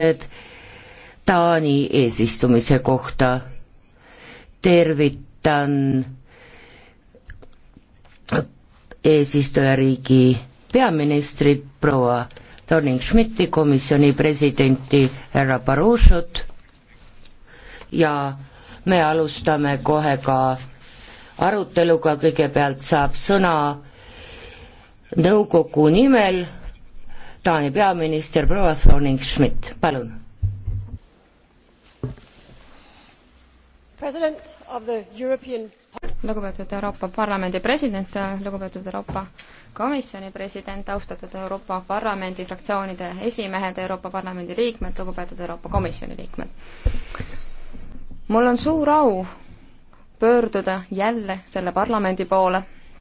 et Taani eesistumise kohta tervitan eesistujariigi peaministrit proua Torning-Schmidti, komisjoni presidenti härra Barroshot ja me alustame kohe ka aruteluga, kõigepealt saab sõna nõukogu nimel Taani peaminister proua Thorning-Schmidt, palun. European... lugupeetud Euroopa Parlamendi president, lugupeetud Euroopa Komisjoni president, austatud Euroopa Parlamendi fraktsioonide esimehed, Euroopa Parlamendi liikmed, lugupeetud Euroopa Komisjoni liikmed. mul on suur au pöörduda jälle selle parlamendi poole